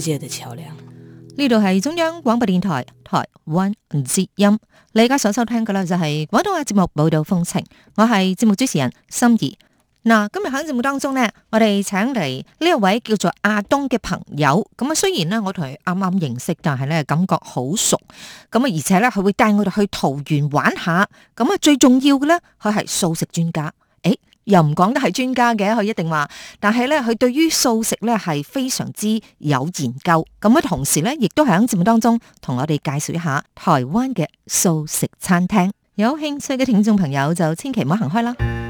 世界的橋樑，呢度係中央廣播電台台灣之音，你而家所收聽嘅呢，就係廣東話節目《寶島風情》，我係節目主持人心儀。嗱，今日喺節目當中呢，我哋請嚟呢一位叫做阿東嘅朋友。咁啊，雖然呢，我同佢啱啱認識，但係呢，感覺好熟。咁啊，而且呢，佢會帶我哋去桃園玩下。咁啊，最重要嘅呢，佢係素食專家。又唔講得係專家嘅，佢一定話，但係呢，佢對於素食呢係非常之有研究。咁啊，同時呢，亦都係喺節目當中同我哋介紹一下台灣嘅素食餐廳。有興趣嘅聽眾朋友就千祈唔好行開啦。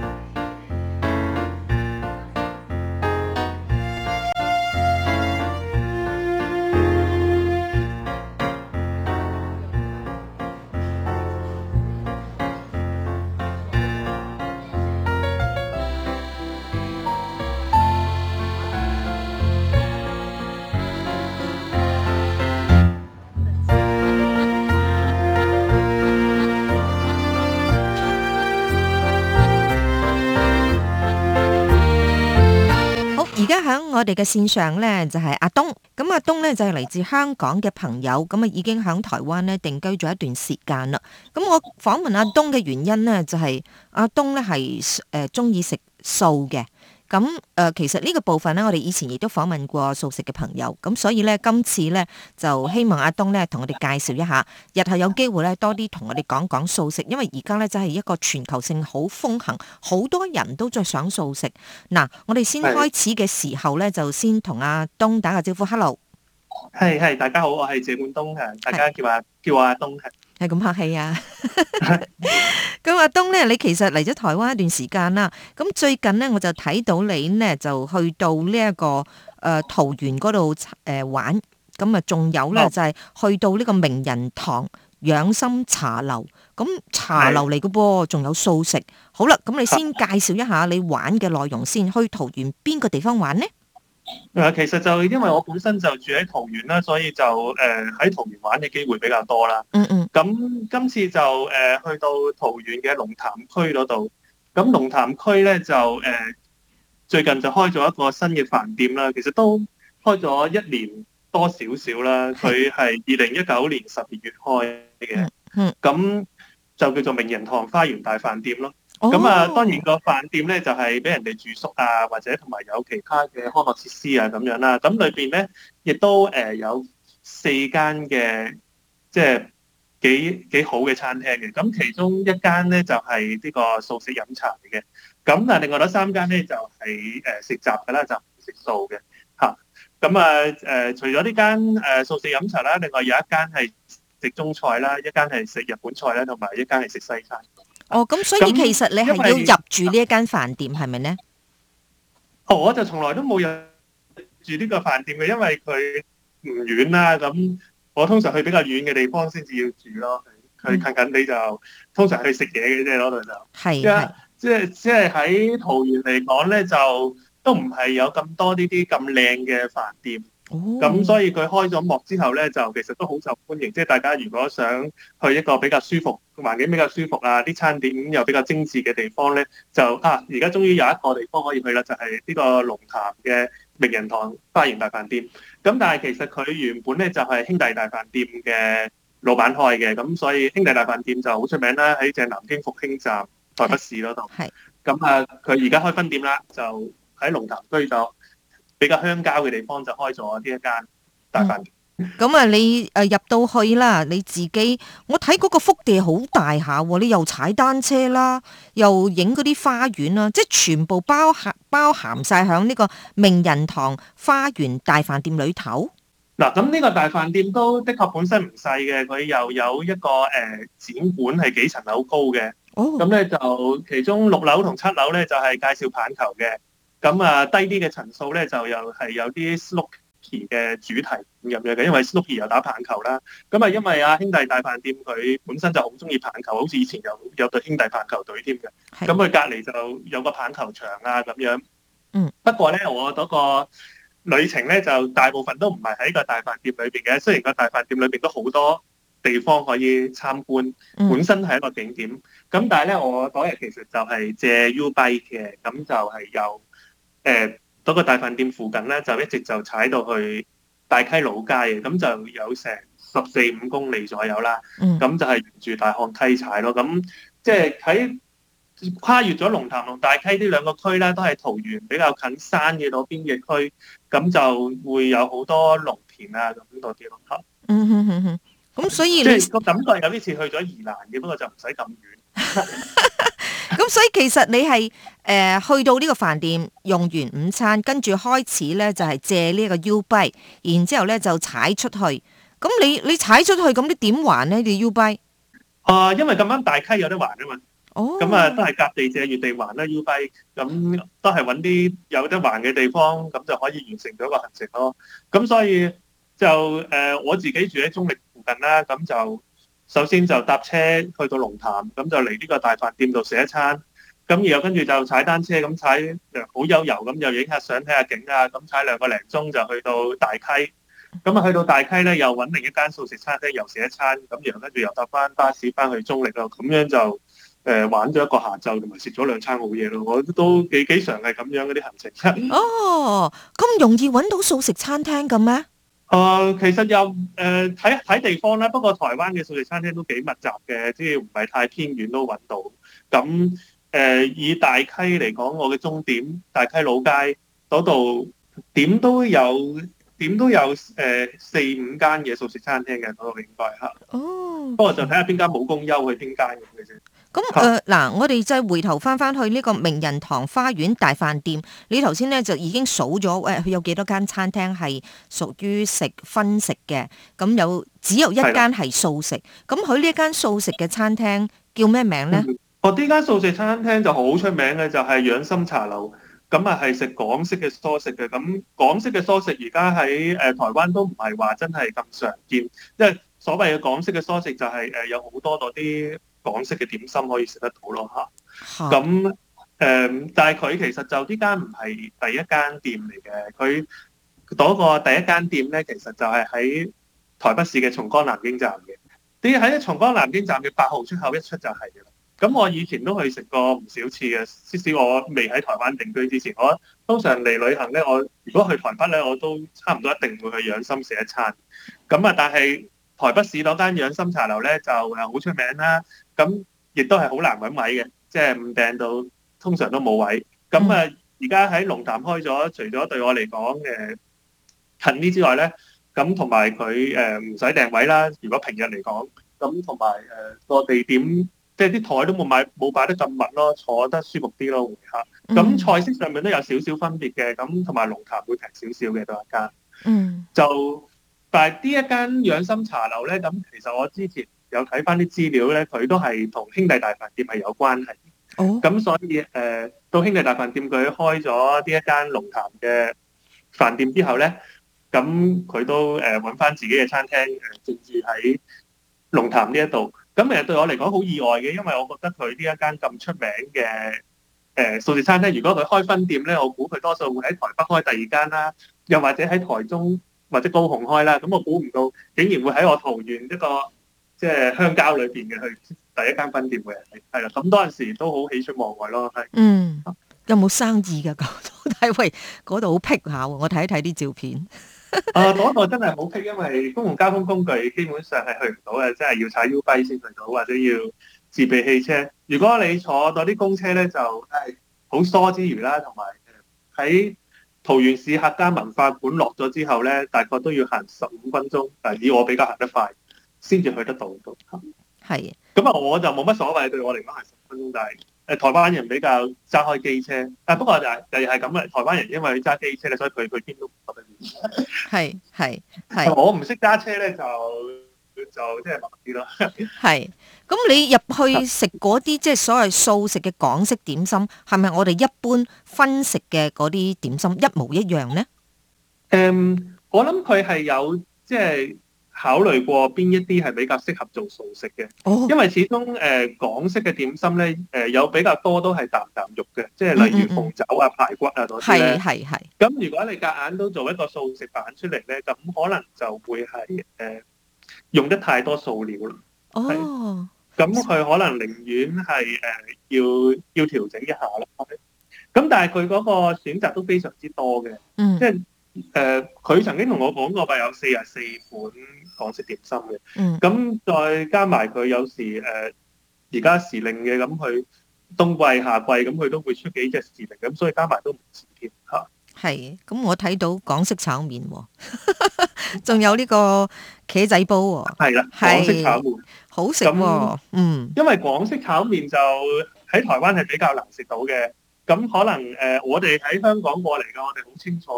我哋嘅線上呢就係阿東，咁阿東呢就係嚟自香港嘅朋友，咁啊已經喺台灣呢定居咗一段時間啦。咁我訪問阿東嘅原因呢、就是，就係阿東呢係誒鍾意食素嘅。咁誒，其實呢個部分呢，我哋以前亦都訪問過素食嘅朋友，咁所以呢，今次呢，就希望阿東呢同我哋介紹一下，日後有機會呢，多啲同我哋講講素食，因為而家呢，就係一個全球性好風行，好多人都在想素食。嗱，我哋先開始嘅時候呢，就先同阿東打個招呼，Hello。係係，大家好，我係謝冠東。大家叫阿叫阿東。係咁客氣啊！咁 阿東咧，你其實嚟咗台灣一段時間啦。咁最近咧，我就睇到你咧就去到呢、這、一個誒、呃、桃園嗰度誒玩，咁啊仲有咧就係、是、去到呢個名人堂養心茶樓，咁茶樓嚟嘅噃，仲的有素食。好啦，咁你先介紹一下你玩嘅內容先。去桃園邊個地方玩呢？誒，其實就因為我本身就住喺桃園啦，所以就誒喺桃園玩嘅機會比較多啦。嗯嗯。咁今次就誒去到桃園嘅龍潭區嗰度，咁龍潭區咧就誒最近就開咗一個新嘅飯店啦。其實都開咗一年多少少啦，佢係二零一九年十二月開嘅。嗯。咁就叫做名人堂花園大飯店咯。咁啊，當然個飯店咧就係、是、俾人哋住宿啊，或者同埋有其他嘅康樂設施啊咁樣啦、啊。咁裏邊咧亦都誒有四間嘅，即係幾幾好嘅餐廳嘅。咁其中一間咧就係、是、呢個素食飲茶嚟嘅。咁啊，另外嗰三間咧就係誒食雜嘅啦，就唔食素嘅吓，咁啊誒，除咗呢間誒素食飲茶啦，另外有一間係食中菜啦，一間係食日本菜啦，同埋一間係食西餐。哦，咁所以其實你係要入住因為、係係呢一間飯店係咪咧？我就從來都冇入住呢個飯店嘅，因為佢唔遠啦。咁我通常去比較遠嘅地方先至要住咯。佢、嗯、近近哋就通常去食嘢嘅啫，嗰度就係啊，即係即係喺桃園嚟講咧，就都唔係有咁多呢啲咁靚嘅飯店。咁所以佢開咗幕之後呢，就其實都好受歡迎。即係大家如果想去一個比較舒服環境、比較舒服啊啲餐點又比較精緻嘅地方呢，就啊而家終於有一個地方可以去啦，就係呢個龍潭嘅名人堂花園大飯店。咁但係其實佢原本呢，就係兄弟大飯店嘅老闆開嘅，咁所以兄弟大飯店就好出名啦，喺正南京復興站台北市嗰度。係。咁啊，佢而家開分店啦，就喺龍潭區就。比較鄉郊嘅地方就開咗呢一間大飯店。咁啊、嗯，你誒入到去啦，你自己我睇嗰個幅地好大下，哦，你又踩單車啦，又影嗰啲花園啦、啊，即係全部包含包含晒喺呢個名人堂花園大飯店裏頭。嗱，咁呢個大飯店都的確本身唔細嘅，佢又有一個誒、呃、展館係幾層樓高嘅。哦。咁咧就其中六樓同七樓咧就係介紹棒球嘅。咁啊，低啲嘅層數咧，就又係有啲 Sloppy 嘅主題咁樣嘅，因為 Sloppy 又打棒球啦。咁啊，因為阿兄弟大飯店佢本身就好中意棒球，好似以前有有對兄弟棒球隊添嘅。咁佢隔離就有個棒球場啊咁樣。嗯。不過咧，我嗰個旅程咧就大部分都唔係喺個大飯店裏邊嘅，雖然個大飯店裏邊都好多地方可以參觀，本身係一個景點。咁、嗯、但係咧，我嗰日其實就係借 U Bike 嘅，咁就係有。誒嗰、呃那個大飯店附近咧，就一直就踩到去大溪老街嘅，咁就有成十四五公里左右啦。咁就係沿住大漢溪踩咯。咁即係喺跨越咗龍潭同大溪呢兩個區咧，都係桃園比較近山嘅嗰邊嘅區，咁就會有好多農田啊，咁嗰啲農場。嗯，咁所以即係個感覺有啲似去咗宜蘭嘅，不過就唔使咁遠。 咁所以其實你係誒、呃、去到呢個飯店用完午餐，跟住開始咧就係、是、借呢一個 U 拜，b，然之後咧就踩出去。咁你你踩出去咁你點還呢？你 U b 啊、呃，因為咁啱大溪有得還啊嘛。哦、oh。啊，咁啊都係隔地借，越地還啦 U 拜。咁都係揾啲有得還嘅地方，咁就可以完成咗個行程咯。咁所以就誒、呃、我自己住喺中壢附近啦，咁就。首先就搭車去到龍潭，咁就嚟呢個大飯店度食一餐，咁然後跟住就踩單車，咁踩好悠遊咁，又影下相睇下景啊，咁踩兩個零鐘就去到大溪，咁啊去到大溪呢，又揾另一間素食餐廳又食一餐，咁然後跟住又搭翻巴士翻去中壢咯，咁樣就誒、呃、玩咗一個下晝，同埋食咗兩餐好嘢咯，我都幾幾常係咁樣嗰啲行程。哦，咁 容易揾到素食餐廳嘅咩？啊、哦，其實又誒睇睇地方啦，不過台灣嘅素食餐廳都幾密集嘅，即係唔係太偏遠都揾到。咁誒、呃、以大溪嚟講，我嘅終點大溪老街嗰度點都有點都有誒四五間嘅素食餐廳嘅嗰度應該嚇。哦，oh. 不過就睇下邊間冇公休去邊間咁嘅先。咁誒嗱，我哋就係回頭返返去呢個名人堂花園大飯店。你頭先咧就已經數咗佢有幾多間餐廳係屬於食分食嘅，咁有只有一間係素食。咁佢呢一間素食嘅餐廳叫咩名呢？哦、嗯，呢間素食餐廳就好出名嘅，就係、是、養心茶樓。咁啊係食港式嘅素食嘅。咁港式嘅素食而家喺誒台灣都唔係話真係咁常見，因、就、為、是、所謂嘅港式嘅素食就係誒有好多嗰啲。港式嘅點心可以食得到咯嚇，咁誒、啊嗯，但係佢其實就呢間唔係第一間店嚟嘅，佢嗰個第一間店咧，其實就係喺台北市嘅松江南京站嘅，啲喺松江南京站嘅八號出口一出就係嘅啦。咁我以前都去食過唔少次嘅，即使我未喺台灣定居之前，我通常嚟旅行咧，我如果去台北咧，我都差唔多一定會去養心食一餐。咁啊，但係台北市嗰間養心茶樓咧就係好出名啦、啊。咁亦都係好難揾位嘅，即係唔訂到，通常都冇位。咁啊，而家喺龍潭開咗，除咗對我嚟講誒近啲之外咧，咁同埋佢誒唔使訂位啦。如果平日嚟講，咁同埋誒個地點，即係啲枱都冇買，冇擺得咁密咯，坐得舒服啲咯，顧客。咁菜式上面都有少少分別嘅，咁同埋龍潭會平少少嘅，都一間。嗯，就但係呢一間養心茶樓咧，咁其實我之前。有睇翻啲資料咧，佢都係同兄弟大飯店係有關係。哦，咁所以誒、呃，到兄弟大飯店佢開咗呢一間龍潭嘅飯店之後咧，咁佢都誒揾翻自己嘅餐廳誒設置喺龍潭呢一度。咁其實對我嚟講好意外嘅，因為我覺得佢呢一間咁出名嘅誒素食餐廳，如果佢開分店咧，我估佢多數會喺台北開第二間啦，又或者喺台中或者高雄開啦。咁我估唔到，竟然會喺我桃園一個。即係鄉郊裏邊嘅，去第一間分店嘅，係啦。咁當時都好喜出望外咯，係。嗯。有冇生意噶？嗰度，但係喂，嗰度好辟下喎。我睇一睇啲照片。 啊，嗰度真係好辟，因為公共交通工具基本上係去唔到嘅，即係要踩 U-bike 先去到，或者要自備汽車。如果你坐嗰啲公車咧，就係好疏之餘啦，同埋喺桃園市客家文化館落咗之後咧，大概都要行十五分鐘。但以我比較行得快。先至去得到，係的。咁啊，我就冇乜所謂，對我嚟講係十分鐘就係。誒，台灣人比較揸開機車，誒不過就係又係咁啊！台灣人因為揸機車咧，所以佢佢邊都唔得得。係係係。我唔識揸車咧，就就即係麻啲咯。係。 咁你入去食嗰啲即係所謂素食嘅港式點心，係咪我哋一般分食嘅嗰啲點心一模一樣咧？誒，um，我諗佢係有即係。考慮過邊一啲係比較適合做素食嘅？哦，oh. 因為始終誒、呃、港式嘅點心咧，誒、呃、有比較多都係啖啖肉嘅，即係例如鳳爪啊、mm hmm. 排骨啊嗰啲咧。係係係。咁、mm hmm. 如果你夾硬都做一個素食版出嚟咧，咁可能就會係誒、呃、用得太多素料啦。哦、oh. 咁佢可能寧願係誒、呃、要要調整一下啦。咁但係佢嗰個選擇都非常之多嘅。即係、mm。Hmm. 誒，佢、呃、曾經同我講過，話有四十四款港式點心嘅，咁、嗯、再加埋佢有時誒而家時令嘅，咁佢冬季、夏季咁佢都會出幾隻時令，咁所以加埋都唔少添吓。係、啊，咁我睇到港式炒麵、喎，仲 有呢個茄仔煲、喎。係啦，港式炒麵是那好食、喎、嗯，因為港式炒麵就喺台灣係比較難食到嘅。咁、嗯、可能誒、呃，我哋喺香港過嚟嘅，我哋好清楚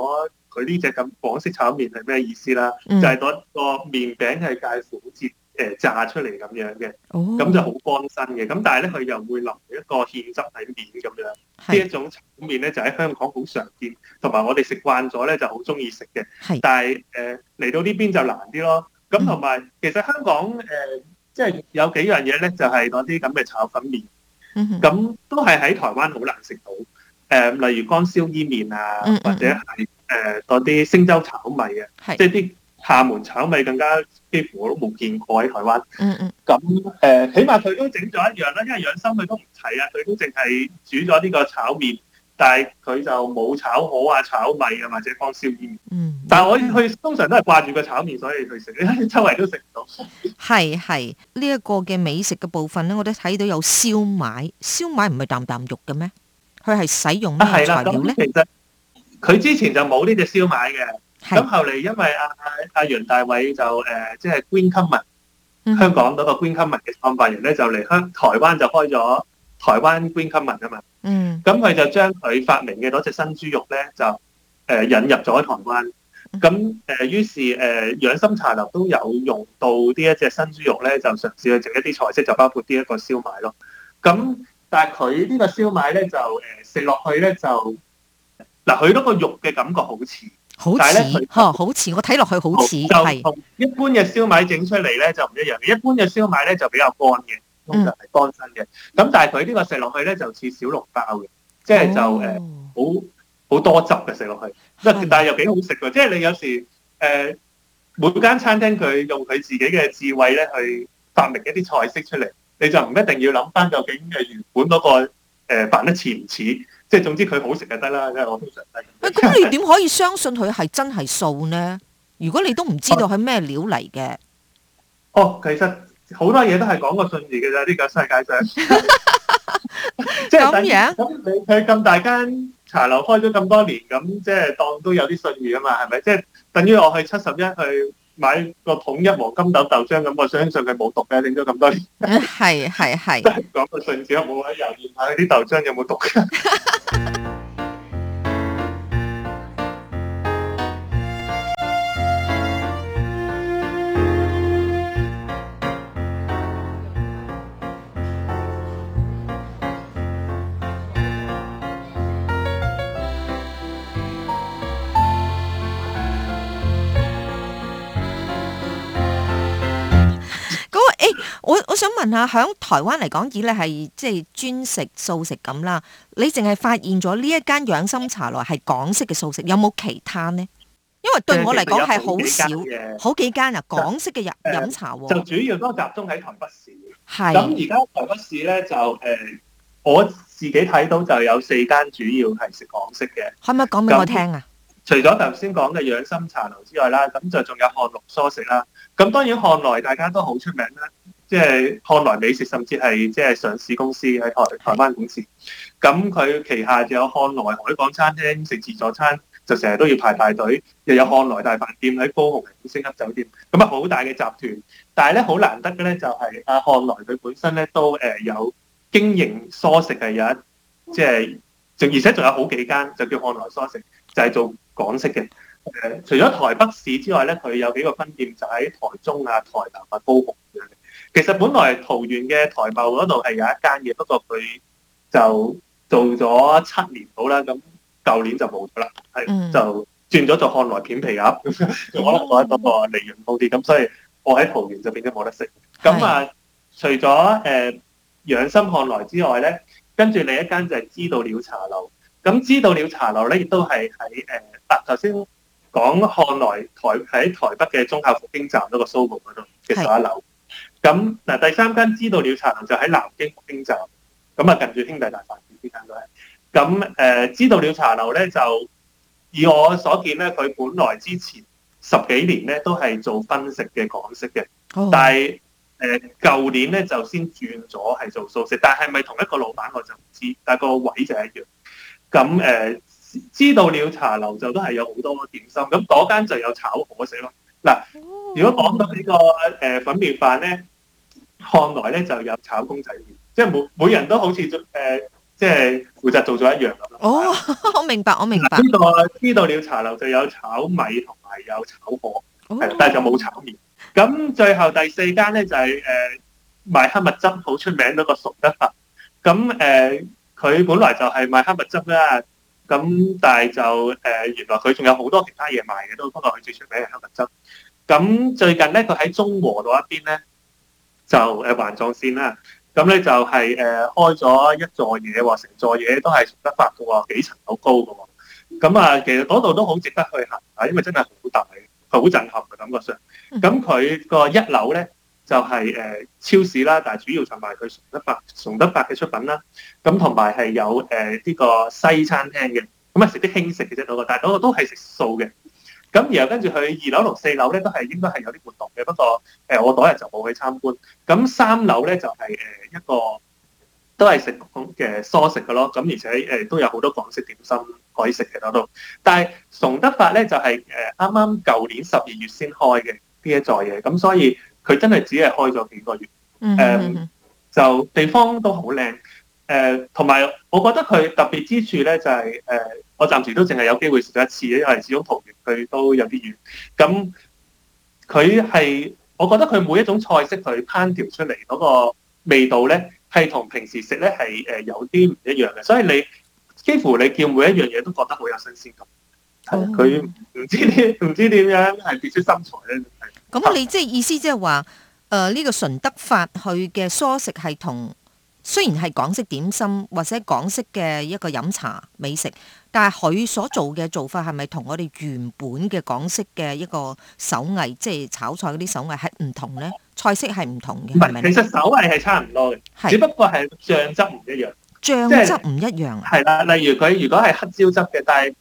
佢呢隻咁廣式炒麵係咩意思啦？嗯、就係嗰個麵餅係介乎好似誒炸出嚟咁樣嘅，咁、哦、就好乾身嘅。咁但係咧，佢又會淋一個芡汁喺面咁樣。呢是一種炒麵咧，就喺香港好常見，同埋我哋食慣咗咧，就好中意食嘅。是但係誒嚟到呢邊就難啲咯。咁同埋其實香港誒，即、呃、係、就是、有幾樣嘢咧，就係嗰啲咁嘅炒粉麵。咁、嗯、都係喺台灣好難食到，誒、呃、例如乾燒伊麵啊，嗯嗯嗯或者係誒啲星洲炒米啊，是即係啲廈門炒米更加幾乎我都冇見過喺台灣。咁誒、嗯嗯呃，起碼佢都整咗一樣啦，因為養生佢都唔齊啊，佢都淨係煮咗呢個炒麵。但係佢就冇炒河啊、炒米啊，或者乾燒麵。嗯。但係我去通常都係掛住個炒麵，所以去食。你周圍都食唔到。係係呢一個嘅美食嘅部分咧，我都睇到有燒賣。燒賣唔係啖啖肉嘅咩？佢係使用咩材料咧？啊啊、其實佢之前就冇呢隻燒賣嘅。咁是後嚟因為阿阿楊大偉就誒，即係 Green Common 香港嗰個 Green Common 嘅創辦人咧，就嚟香台灣就開咗。台灣 Green Common 啊嘛，咁佢、嗯、就將佢發明嘅嗰隻新豬肉咧，就誒引入咗喺台灣。咁誒、嗯、於是誒養心茶樓都有用到呢一隻新豬肉咧，就嘗試去整一啲菜式，就包括呢一個燒賣咯。咁但係佢呢個燒賣咧就誒食落去咧就嗱，佢嗰個肉嘅感覺好似像，但係咧嗬好似，我睇落去好似同一般嘅燒賣整出嚟咧就唔一樣嘅，一般嘅燒賣咧就比較乾嘅。通常係乾身嘅，咁但係佢呢個食落去咧就似小籠包嘅，即係就誒好好多汁嘅食落去，但係又幾好食嘅，即係你有時誒、呃、每間餐廳佢用佢自己嘅智慧咧去發明一啲菜式出嚟，你就唔一定要諗翻究竟嘅原本嗰、那個誒扮、呃、得似唔似，即係總之佢好食就得啦。即係我通常咧。喂、嗯，咁你點可以相信佢係真係素呢？如果你都唔知道係咩料嚟嘅，哦，其實。好多嘢都係講個信譽嘅啫，呢、這個世界上， 即係咁於 樣。咁你佢咁大間茶樓開咗咁多年，咁即係當都有啲信譽啊嘛，係咪？即係等於我去七十一去買個統一黃金豆豆漿，咁我相信佢冇毒嘅，整咗咁多年。係係係，講個信譽又冇喺油店睇啲豆漿有冇毒。 問下喺台灣嚟講，以咧係即係專食素食咁啦。你淨係發現咗呢一間養心茶樓係港式嘅素食，有冇其他呢？因為對我嚟講係好少，幾好幾間啊，港式嘅飲飲茶、呃、就主要都集中喺台北市。係咁而家台北市咧就誒、呃，我自己睇到就有四間主要係食港式嘅。可唔可以講俾我聽啊？除咗頭先講嘅養心茶樓之外啦，咁就仲有漢來蔬食啦。咁當然漢來大家都好出名啦。即係漢來美食，甚至係即係上市公司喺台台灣股市。咁佢旗下就有漢來海港餐廳食自助餐，就成日都要排大隊。又有漢來大飯店喺高雄五星級酒店，咁啊好大嘅集團。但係咧好難得嘅咧、就是，就係阿漢來佢本身咧都誒有經營蔬食嘅。有一，即係，而且仲有好幾間就叫漢來蔬食，就係做港式嘅。誒、呃，除咗台北市之外咧，佢有幾個分店就喺台中啊、台南啊、高雄其實本來桃園嘅台茂嗰度係有一間嘢，不過佢就做咗七年到啦，咁舊年就冇咗啦，係、嗯、就轉咗做漢來片皮鴨，嗯嗯、 我諗我咧多過利潤高啲，咁所以我喺桃園就變咗冇得食。咁啊，是的 除咗誒養心漢來之外咧，跟住另一間就係知道了茶樓。咁知道了茶樓咧，亦都係喺誒，嗱、呃，頭先講漢來台喺台北嘅忠孝復興站嗰個 s o 嗰度嘅十一樓。咁嗱，第三間知道了茶樓就喺南京復興站，咁啊近住兄弟大飯店之間都係。咁誒、呃，知道了茶樓咧就以我所見咧，佢本來之前十幾年咧都係做葷食嘅港式嘅，oh. 但係誒舊年咧就先轉咗係做素食。但係咪同一個老闆，我就唔知，但係個位就一樣。咁誒、呃，知道了茶樓就都係有好多點心，咁嗰間就有炒河式咯。嗱，如果講到呢個誒粉麵飯咧，看來咧就有炒公仔麵，即係每每人都好似做、呃、即係負責做咗一樣咁咯。哦，但我明白，我明白。呢度知道了。茶樓就有炒米同埋有炒河，哦、但係就冇炒麵。咁最後第四間咧就係誒賣黑麥汁好出名嗰個熟得飯。咁誒，佢、呃、本來就係賣黑麥汁啦。咁但係就誒、呃，原來佢仲有好多其他嘢賣嘅，都不過佢最出名係黑麥汁。咁最近咧，佢喺中和嗰一邊咧。就誒環狀線啦，咁咧就係誒開咗一座嘢喎，成座嘢都係崇德發嘅喎，幾層樓高嘅喎，咁啊其實嗰度都好值得去行啊，因為真係好大，好震撼嘅感覺上。咁佢個一樓咧就係誒超市啦，但係主要就賣佢崇德發、崇德發嘅出品啦。咁同埋係有誒呢個西餐廳嘅，咁啊食啲輕食嘅啫嗰個，但係嗰個都係食素嘅。咁然後跟住佢二樓同四樓咧都係應該係有啲活動嘅，不過誒、呃、我嗰日就冇去參觀。咁、呃、三樓咧就係、是、誒一個都係食嘅蔬食嘅咯，咁、嗯嗯嗯、而且誒、呃、都有好多港式點心可以食嘅嗰度。但係崇德發咧就係誒啱啱舊年十二月先開嘅呢一座嘢，咁所以佢真係只係開咗幾個月。誒、呃嗯嗯嗯、就地方都好靚。誒，同埋、呃、我覺得佢特別之處咧，就係、是、誒、呃，我暫時都淨係有機會食咗一次，因為始終桃園佢都有啲遠。咁佢係我覺得佢每一種菜式佢烹調出嚟嗰個味道咧，係同平時食咧係誒有啲唔一樣嘅。所以你幾乎你見每一樣嘢都覺得好有新鮮感。係佢唔知唔知樣點樣係別出心裁咧。咁你即係意思即係話，誒、呃、呢、這個純德法佢嘅蔬食係同。雖然係港式點心或者港式嘅一個飲茶美食，但係佢所做嘅做法係咪同我哋原本嘅港式嘅一個手藝，即係炒菜嗰啲手藝係唔同呢？菜式係唔同嘅，唔係其實手藝係差唔多嘅，只不過係醬汁唔一樣，醬汁唔一樣係啦。例如佢如果係黑椒汁嘅，但係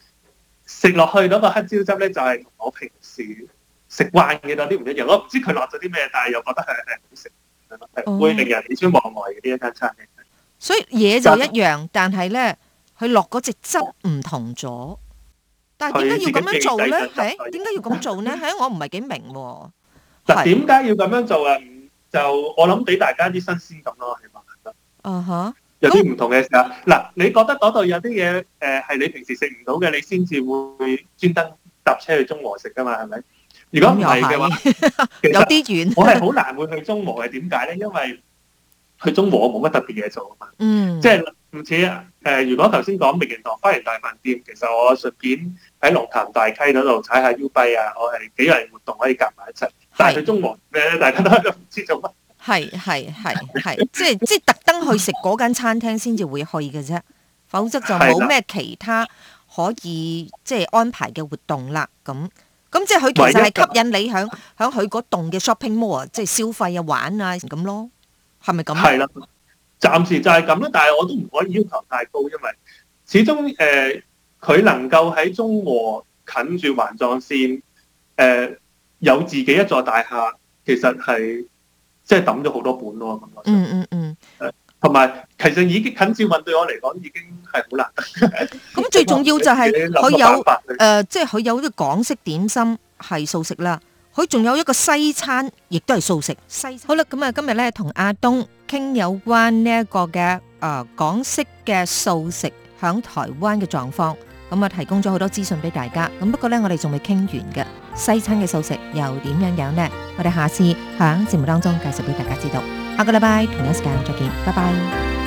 食落去嗰個黑椒汁呢就係同我平時食慣嘅嗰啲唔一樣。我唔知佢落咗啲咩，但係又覺得佢係好食。會令人喜出望外嘅呢一間餐廳，所以嘢就一樣，但係咧，佢落嗰隻汁唔同咗。但係點解要咁樣做咧？係點解要咁做咧？吓，我唔係幾明喎。嗱，點解要咁樣做啊？就我諗俾大家啲新鮮感咯，係嘛？啊哈，有啲唔同嘅時候，嗱，你覺得嗰度有啲嘢，誒，係你平時食唔到嘅，你先至會專登搭車去中和食噶嘛？係咪？如果唔係嘅話，有啲遠，其實我係好難會去中和嘅，點解咧？因為去中和我冇乜特別嘢做啊嘛。嗯，即係唔似誒。如果頭先講名人堂花園大飯店，其實我順便喺龍潭大溪嗰度踩下 U 拜啊。我係幾個人活動可以夾埋一齊。是但係去中和咧，大家都唔知做乜。係係係係，即係即係特登去食嗰間餐廳先至會去嘅啫， 否則就冇咩其他可以即係安排嘅活動啦。咁。咁即係佢其實係吸引你響響佢嗰棟嘅 shopping mall 即係消費啊玩啊咁咯，係咪咁？係啦，暫時就係咁啦。但係我都唔可以要求太高，因為始終誒佢能夠喺中和近住環狀線，誒、呃、有自己一座大廈，其實係即係抌咗好多本咯。嗯嗯嗯。誒，同埋其實已經近捷運對我嚟講已經。係好難，咁 最重要就係佢有誒，即係佢有啲港式點心係素食啦，佢仲有一個西餐，亦都係素食。西餐好啦，咁啊今日咧同阿東傾有關呢一個嘅誒、呃、港式嘅素食喺台灣嘅狀況，咁啊提供咗好多資訊俾大家。咁不過咧，我哋仲未傾完嘅西餐嘅素食又點樣樣呢？我哋下次喺節目當中介紹俾大家知道。下個禮拜同一時間再見，拜拜。